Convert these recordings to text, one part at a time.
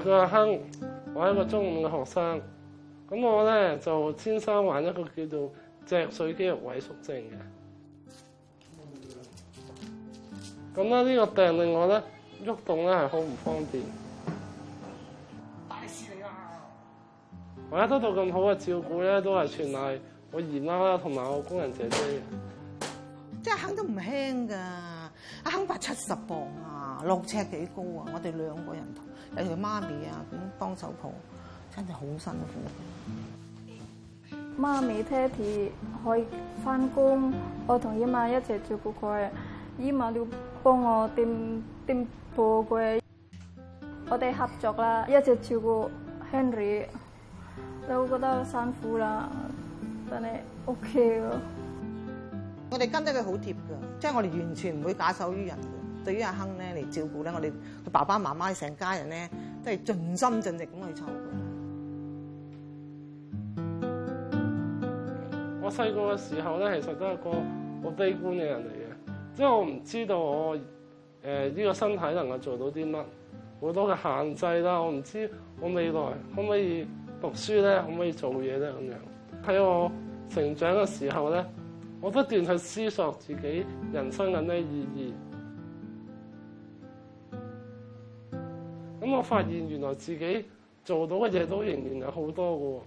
我叫阿亨，我係一個中五嘅學生，咁我咧就天生患一個叫做脊髓肌肉萎縮症嘅，咁咧呢個病令我咧喐動咧係好唔方便。大師我噶，我得到咁好嘅照顧咧，都係全賴我姨媽同埋我工人姐姐嘅。即係亨都唔輕噶，阿亨百七十磅啊！六尺幾高啊！我哋兩個人，有條媽咪啊咁幫手抱，真係好辛苦。媽咪、爹哋可以翻工，我同姨媽一齊照顧佢。姨媽要幫我掂掂鋪佢，我哋合作啦，一直照顧 Henry，都覺得辛苦啦，真係 OK。我哋跟得佢好貼㗎，即係我哋完全唔會假手於人。對於阿亨咧嚟照顧咧，我哋佢爸爸媽媽成家人咧，都係盡心盡力咁去湊。我細個嘅時候咧，其實都係個好悲觀嘅人嚟嘅，即係我唔知道我誒呢個身體能夠做到啲乜，好多嘅限制啦，我唔知我未來可唔可以讀書咧，可唔可以做嘢咧咁樣。喺我成長嘅時候咧，我不斷去思索自己人生緊咩意義。我發現原來自己做到嘅嘢都仍然係好多嘅，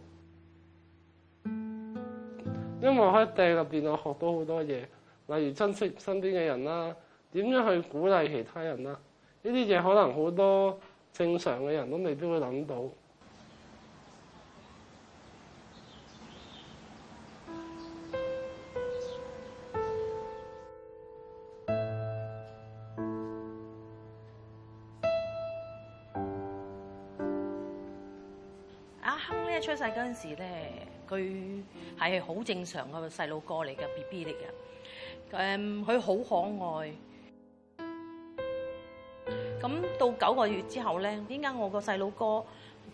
因為我喺掟入電腦學到好多嘢，例如珍惜身邊嘅人啦，點樣去鼓勵其他人啦，呢啲嘢可能好多正常嘅人都未必會諗到。亨咧，出世嗰陣時咧，佢係好正常個細路哥嚟嘅 B B 嚟嘅，誒佢好可愛。咁到九個月之後咧，點解我個細路哥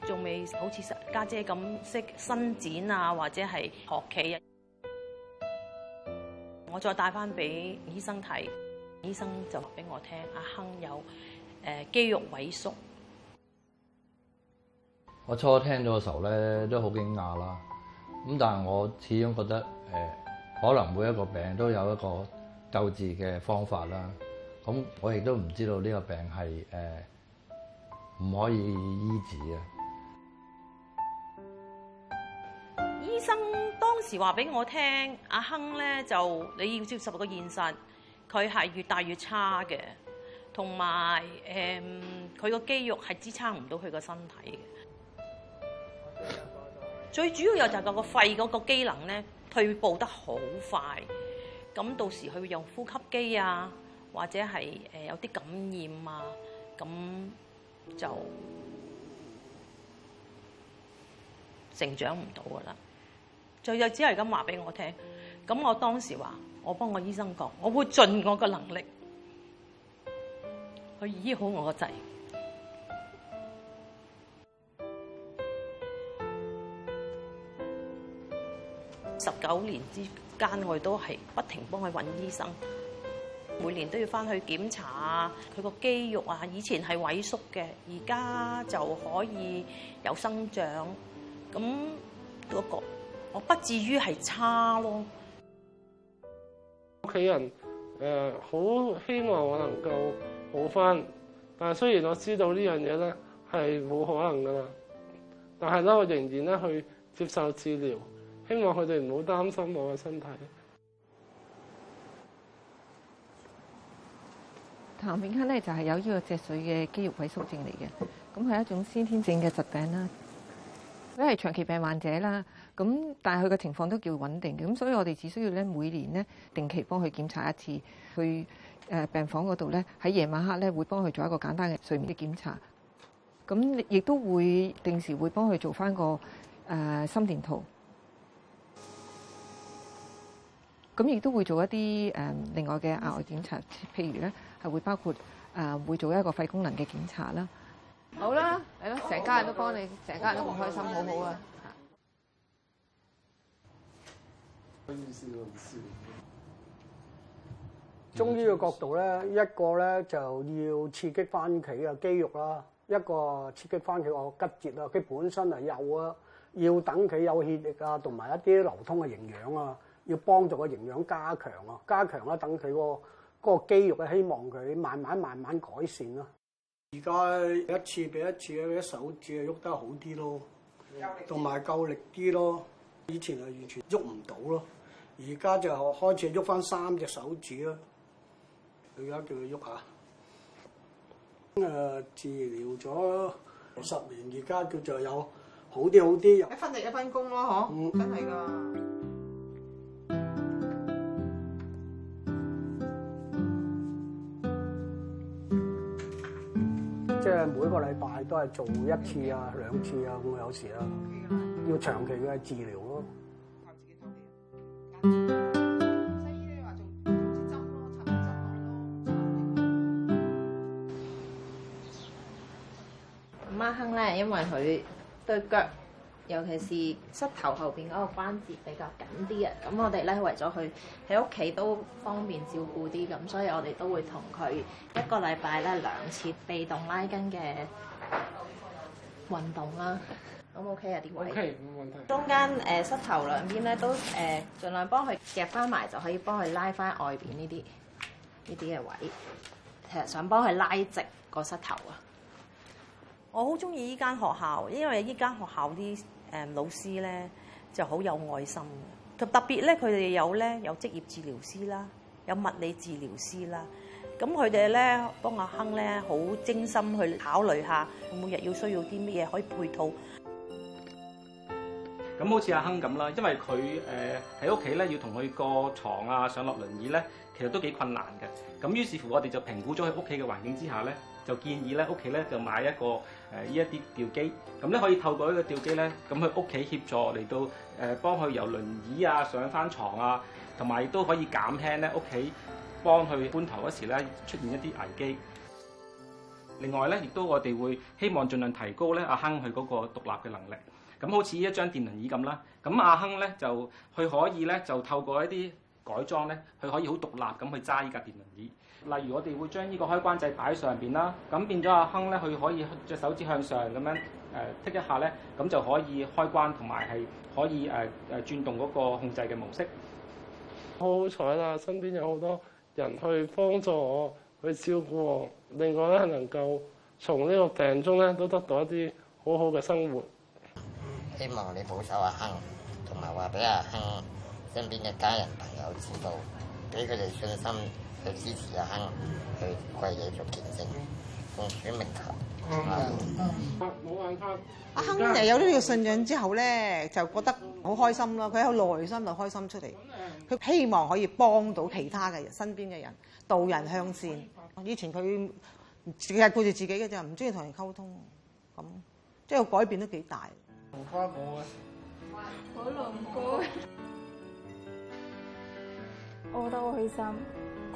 仲未好似家姐咁識伸展啊，或者係學企啊，我再帶翻俾醫生睇，醫生就話俾我聽，阿亨有誒肌肉萎縮。我初聽咗嘅時候咧，都好驚訝啦。咁但係我始終覺得誒、呃，可能每一個病都有一個救治嘅方法啦。咁我亦都唔知道呢個病係誒唔可以醫治嘅。醫生當時話俾我聽，阿亨咧就你要接受個現實，佢係越大越差嘅，同埋誒佢個肌肉係支撐唔到佢個身體嘅。最主要又就係個肺嗰個機能咧退步得好快，咁到時佢會用呼吸機啊，或者係誒有啲感染啊，咁就成長唔到噶啦。就又只係咁話俾我聽，咁我當時話我幫我醫生講，我會盡我個能力去醫好我個仔。十九年之間，我都係不停幫佢揾醫生，每年都要翻去檢查啊。佢個肌肉啊，以前係萎縮嘅，而家就可以有生長。咁我覺得我不至於係差咯。屋企人誒好希望我能夠好翻，但係雖然我知道呢樣嘢咧係冇可能噶啦，但係咧我仍然咧去接受治療。希望佢哋唔好擔心我嘅身體。譚炳亨咧就係有呢個脊髓嘅肌肉萎縮症嚟嘅，咁係一種先天性嘅疾病啦。佢係長期病患者啦，咁但係佢嘅情況都叫穩定嘅，咁所以我哋只需要咧每年咧定期幫佢檢查一次，去誒病房嗰度咧喺夜晚黑咧會幫佢做一個簡單嘅睡眠嘅檢查。咁亦都會定時會幫佢做翻個誒心電圖。咁亦都會做一啲誒另外嘅額外檢查，譬如咧係會包括誒會做一個肺功能嘅檢查啦。好啦，係咯，成家人都幫你，成家人都好開心，我我好好啊。中醫嘅角度咧，一個咧就要刺激翻佢嘅肌肉啦，一個刺激翻佢個骨節啦，佢本身係有啊，要等佢有血液啊，同埋一啲流通嘅營養啊。要幫助個營養加強啊，加強啦，等佢個嗰個肌肉啊，希望佢慢慢慢慢改善咯。而家一次比一次咧，手指喐得好啲咯，同埋夠力啲咯。以前係完全喐唔到咯，而家就開始喐翻三隻手指咯。而家叫佢喐下。咁、呃、啊，治療咗十年，而家叫做有好啲好啲。一分力一分工咯，嗬、嗯，真係㗎。即係每個禮拜都係做一次啊、兩次啊，咁有時啊，要長期嘅治療咯、啊。媽坑咧，因為佢對腳。尤其是膝頭後邊嗰個關節比較緊啲啊。咁我哋咧為咗佢喺屋企都方便照顧啲，咁所以我哋都會同佢一個禮拜咧兩次被動拉筋嘅運動啦。OK 唔 OK 啊？啲位？OK 冇問題。中間誒、呃、膝頭兩邊咧都誒，儘、呃、量幫佢夾翻埋，就可以幫佢拉翻外邊呢啲呢啲嘅位，其實想幫佢拉直個膝頭啊。我好中意依間學校，因為依間學校啲～誒老師咧就好有愛心嘅，就特別咧佢哋有咧有職業治療師啦，有物理治療師啦，咁佢哋咧幫阿亨咧好精心去考慮下，每日要需要啲乜嘢可以配套。咁好似阿亨咁啦，因為佢誒喺屋企咧要同佢個床啊上落輪椅咧，其實都幾困難嘅。咁於是乎我哋就評估咗喺屋企嘅環境之下咧。就建議咧屋企咧就買一個誒依一啲吊機，咁咧可以透過呢個吊機咧，咁去屋企協助嚟到誒、呃、幫佢由輪椅啊上翻床啊，同埋亦都可以減輕咧屋企幫佢搬頭嗰時咧出現一啲危機。另外咧，亦都我哋會希望盡量提高咧阿亨佢嗰個獨立嘅能力。咁好似呢一張電輪椅咁啦，咁阿亨咧就佢可以咧就透過一啲改裝咧，佢可以好獨立咁去揸依架電輪椅。例如我哋會將呢個開關掣擺上邊啦，咁變咗阿亨咧，佢可以隻手指向上咁樣誒剔一下咧，咁就可以開關同埋係可以誒誒轉動嗰個控制嘅模式。好彩啦，身邊有好多人去幫助我，去照顧我，令我咧能夠從呢個病中咧都得到一啲好好嘅生活。希望你保守阿亨，同埋話俾阿亨身邊嘅家人朋友知道，俾佢哋信心。支持阿去去去亨去貴野做見證，奉主名冇眼花，阿亨嚟有呢個信仰之後咧，就覺得好開心咯。佢喺內心就開心出嚟，佢希望可以幫到其他嘅人、身邊嘅人，道人向善。以前佢淨係顧住自己嘅就唔中意同人溝通，咁即係改變都幾大。紅花冇好我覺得好開心。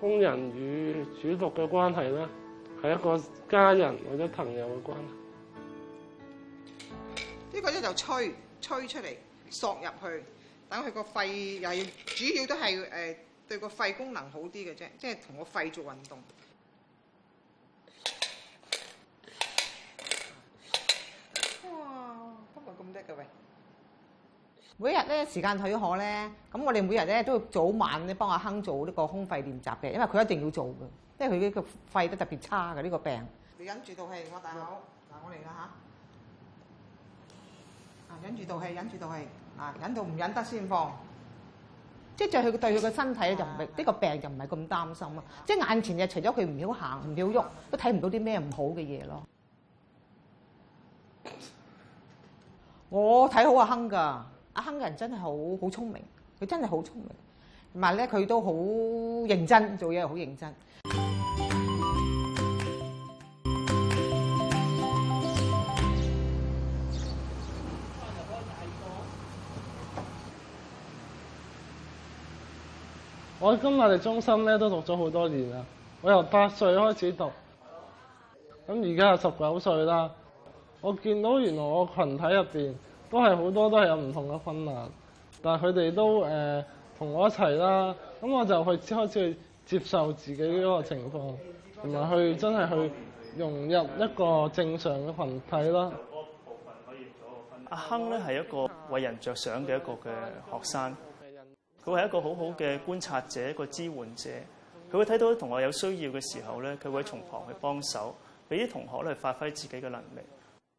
工人與主僕嘅關係咧，係一個家人或者朋友嘅關係。呢個一就吹，吹出嚟，索入去，等佢個肺，又要主要都係誒、呃、對個肺功能好啲嘅啫，即係同個肺做運動。哇！今日咁叻嘅喂？每日咧時間許可咧，咁我哋每日咧都早晚咧幫阿亨做呢個空肺練習嘅，因為佢一定要做嘅，因為佢呢個肺得特別差嘅呢、呢個病。你忍住道氣，我大佬，嗱我嚟啦吓，啊忍住道氣，忍住道氣，嗱忍、啊、忍到唔忍得先放。即係對佢對佢個身體就唔係呢個病就唔係咁擔心啊。即係眼前就除咗佢唔曉行唔曉喐，都睇唔到啲咩唔好嘅嘢咯。我睇、 哦、好阿亨㗎。香港人真係好好聰明，佢真係好聰明，同埋咧佢都好認真，做嘢好認真。我今日嘅中心咧都讀咗好多年啦，我由八歲開始讀，咁而家係十九歲啦。我見到原來我群體入邊，都係好多都係有唔同嘅困難，但係佢哋都誒同、呃、我一齊啦。咁我就去先開始去接受自己嗰個情況，同埋去真係去融入一個正常嘅群體啦。阿亨咧係一個為人着想嘅一個嘅學生，佢係一個好好嘅觀察者，一個支援者。佢會睇到同學有需要嘅時候咧，佢會從旁去幫手，俾啲同學咧去發揮自己嘅能力。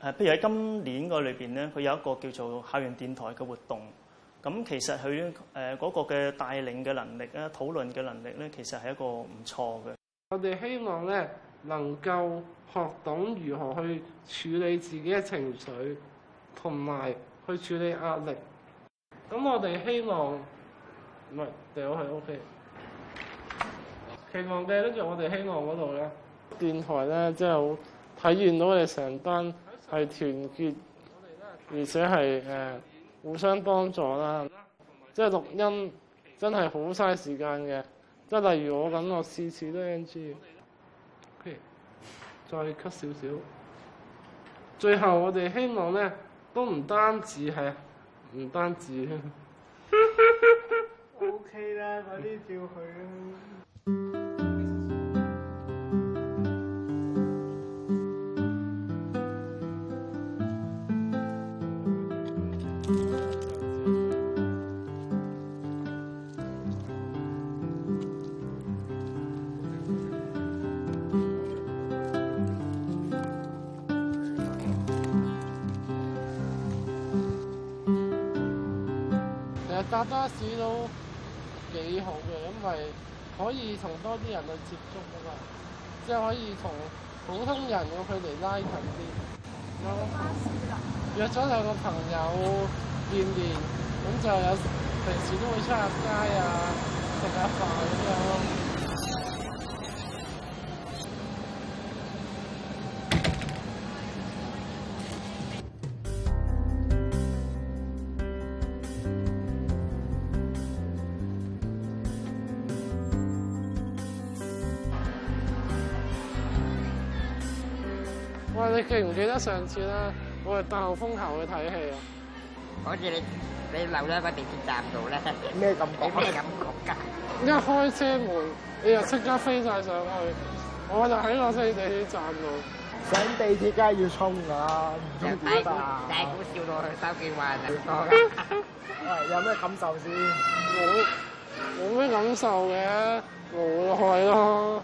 誒，譬如喺今年個裏邊咧，佢有一個叫做校園電台嘅活動。咁其實佢誒嗰個嘅帶領嘅能力咧，討論嘅能力咧，其實係一個唔錯嘅。我哋希望咧能夠學懂如何去處理自己嘅情緒，同埋去處理壓力。咁我哋希望，唔係，第二個係 OK。期望嘅，跟住我哋希望嗰度咧，呢電台咧即係好體現到我哋成班。係團結，而且係誒、呃、互相幫助啦。係即係錄音真係好嘥時間嘅。即係例如我咁，我次次都 NG。OK，再 cut 少少。最後我哋希望咧，都唔單止係唔單止。O K 啦，快啲叫佢巴士都幾好嘅，因為可以同多啲人去接觸㗎嘛，即係可以同普通人嘅距離拉近啲。有巴士啦，嗯嗯、約咗兩個朋友見面，咁就有平時都會出下街啊，食下飯咁樣咯。記唔記得上次咧，我哋大號風球去睇戲啊！好似你你留咗喺個地鐵站度咧，咩感覺？咩感覺㗎？一開車門，你又即刻飛曬上去，我就喺個地鐵站度。上地鐵梗係要衝㗎，唔使估吧？大鼓笑落去三幾萬啊！有咩感受先？冇冇咩感受嘅，無奈咯。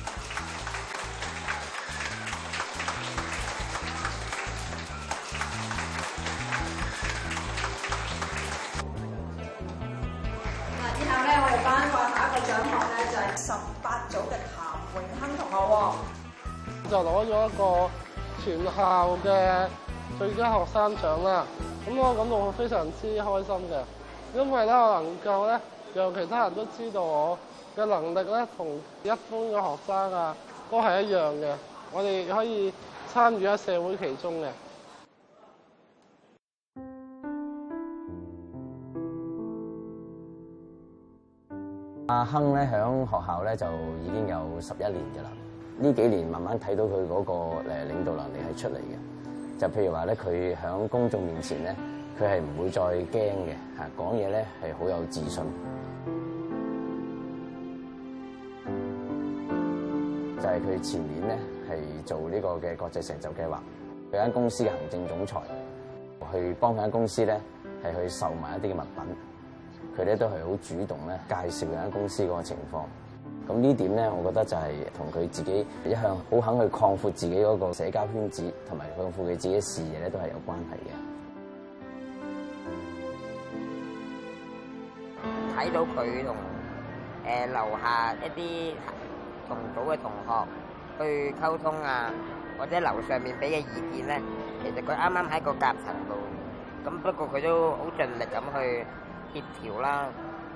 全校嘅最佳學生獎啦，咁我感到非常之開心嘅，因為咧我能夠咧讓其他人都知道我嘅能力咧同一般嘅學生啊都係一樣嘅，我哋可以參與喺社會其中嘅。阿亨咧響學校咧就已經有十一年嘅啦。呢幾年慢慢睇到佢嗰個誒領導能力係出嚟嘅，就譬如話咧，佢喺公眾面前咧，佢係唔會再驚嘅嚇，講嘢咧係好有自信。就係佢前面咧係做呢個嘅國際成就計劃，佢間公司嘅行政總裁去幫佢間公司咧係去售賣一啲嘅物品，佢咧都係好主動咧介紹佢間公司嗰個情況。咁呢點咧，我覺得就係同佢自己一向好肯去擴闊自己嗰個社交圈子，同埋擴闊佢自己嘅視野咧，都係有關係嘅。睇到佢同誒樓下一啲同組嘅同學去溝通啊，或者樓上面俾嘅意見咧，其實佢啱啱喺個夾層度，咁不過佢都好盡力咁去協調啦，啊，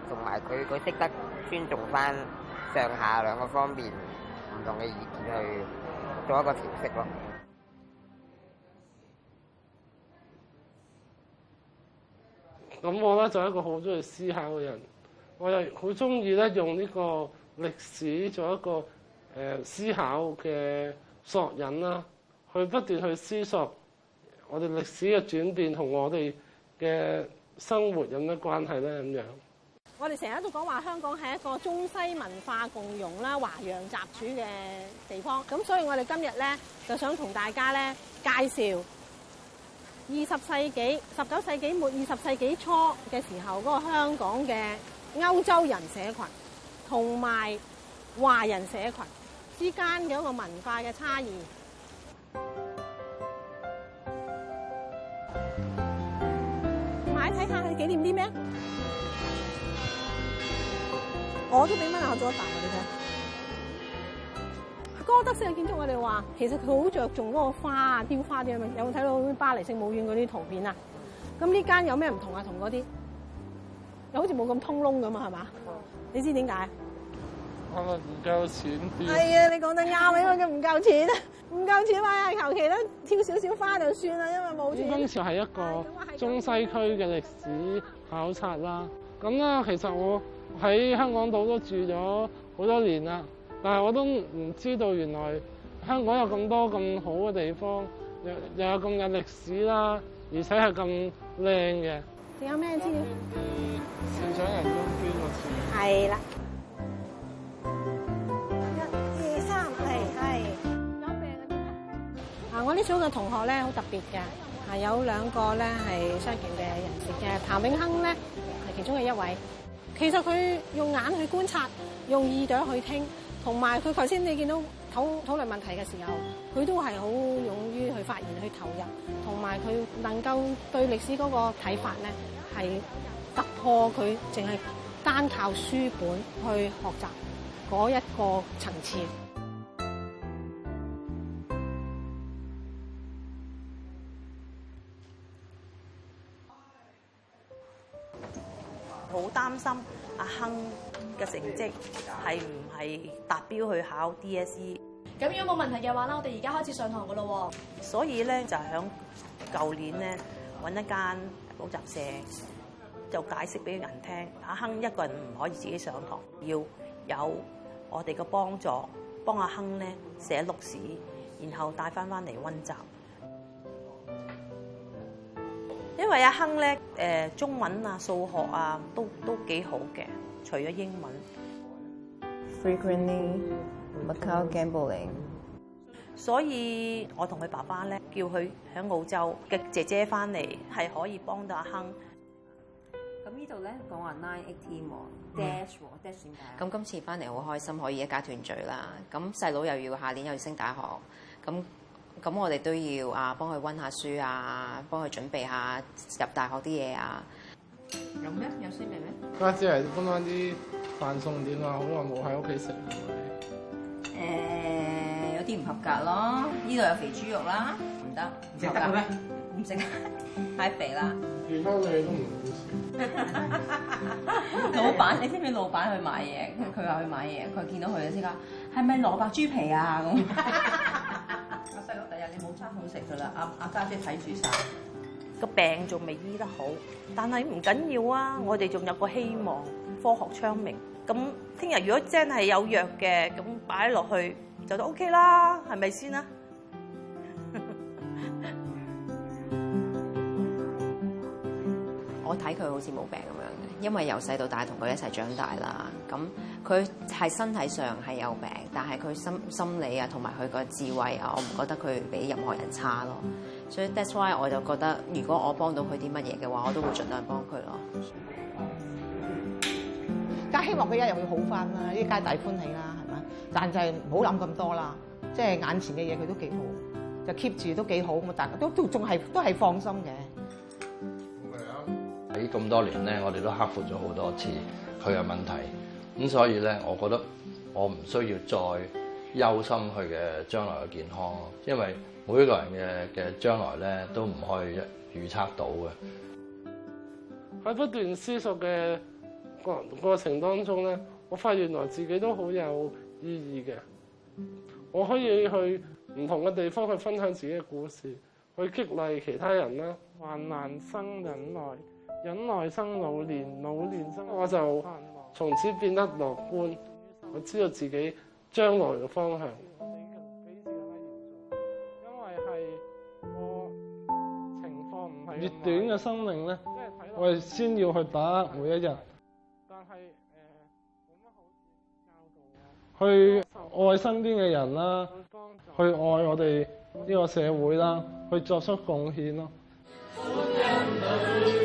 同埋佢佢識得尊重翻。上下兩個方面唔同嘅意見去做一個調適咯。咁我咧就係、一個好中意思考嘅人，我又好中意咧用呢個歷史做一個誒、呃、思考嘅索引啦，去不斷去思索我哋歷史嘅轉變同我哋嘅生活有咩關係咧咁樣。我哋成日都講話香港係一個中西文化共融啦、華洋雜處嘅地方，咁所以我哋今日咧就想同大家咧介紹二十世紀、十九世紀末、二十世紀初嘅時候嗰個香港嘅歐洲人社群同埋華人社群之間嘅一個文化嘅差異。嚟睇下佢紀念啲咩？我都俾蚊咬咗一啖，啊，一啊。你睇。哥、那個、德式嘅建築我哋話其實佢好着重嗰個花啊、雕花啲，係咪？有冇睇到有巴黎聖母院嗰啲圖片啊？咁呢間有咩唔同啊？同嗰啲又好似冇咁通窿咁啊？係嘛？你知點解啊？我唔夠錢。係啊， 你講得啱啊，因為佢唔夠錢，唔夠錢啊，求其咧挑少少花就算啦，因為冇錢。呢間就係一個中西區嘅歷史考察啦。咁啦、嗯，嗯、其實我。喺香港島都住咗好多年啦，但係我都唔知道原來香港有咁多咁好嘅地方，又又有咁嘅歷史啦，而且係咁靚嘅。仲有咩資料？善、嗯、長仁翁捐個錢。係啦了。一、二、三、係，係。有病啊！啊，我呢組嘅同學咧好特別嘅，啊有兩個咧係傷殘嘅人士嘅，譚永亨咧係其中嘅一位。其實佢用眼去觀察，用耳朵去聽，同埋佢頭先你見到討討論問題嘅時候，佢都係好勇於去發言、去投入，同埋佢能夠對歷史嗰個睇法咧，係突破佢淨係單靠書本去學習嗰一個層次。心阿亨嘅成績係唔係達標去考 DSE？咁如果冇問題嘅話咧，我哋而家開始上堂噶咯。所以咧就響舊年咧，揾一間補習社，就解釋俾人聽阿亨一個人唔可以自己上堂，要有我哋嘅幫助，幫阿亨咧寫錄史，然後帶翻翻嚟温習。因為阿亨咧、呃，中文啊、數學啊都都幾好嘅，除咗英文。Frequently, Macao gambling？所以我同佢爸爸咧叫佢喺澳洲嘅姐姐翻嚟，係可以幫到阿亨。咁呢度咧講話 nine eighteen dash dash 咁今次翻嚟好開心，可以一家團聚啦。咁細佬又要下年又要升大學，咁。咁我哋都要他溫一他一啊，幫佢温下書啊，幫佢準備下入大學啲嘢啊。有咩有酸味咩？家姐嚟幫翻啲飯餸點啊！好耐冇喺屋企食。誒，有啲唔合格咯，呢度有肥豬肉啦，唔得，唔合格咩？唔食啊，太肥啦。其他嘅嘢都唔好食。 老闆，你知唔知老闆去買嘢？佢話去買嘢，佢見到佢就即刻，係咪蘿蔔豬皮啊？咁。 好食噶啦，阿阿家姐睇住晒，個病仲未醫得好，但係唔緊要啊！我哋仲有個希望，科學昌明，咁聽日如果真係有藥嘅，咁擺落去就都 OK 啦，係咪先啊？我睇佢好似冇病咁樣。因為由細到大同佢一齊長大啦，咁佢係身體上係有病，但係佢心心理啊同埋佢個智慧啊，我唔覺得佢比任何人差咯。所以 that's why 我就覺得，如果我幫到佢啲乜嘢嘅話，我都會盡量幫佢咯。但希望佢一日，日會好翻啦，呢啲皆大歡喜啦，係咪？但就係唔好諗咁多啦，即係眼前嘅嘢佢都幾好，就 keep 住都幾好，咁大家都都仲係都係放心嘅。咁多年咧，我哋都克服咗好多次佢嘅問題，咁所以咧，我覺得我唔需要再憂心佢嘅將來嘅健康咯。因為每一個人嘅嘅將來咧，都唔可以預測到嘅。喺不斷思索嘅過過程當中咧，我發現原來自己都好有意義嘅。我可以去唔同嘅地方去分享自己嘅故事，去激勵其他人啦。患難生忍耐。忍耐生老年，老年生老年，我就從此變得樂觀，我知道自己將來嘅方向。因為係，我情況唔係越短嘅生命咧，我哋先要去把握每一日。但係，誒，冇乜好教導啊！去愛身邊嘅人啦，去愛我哋呢個社會啦，去作出貢獻咯。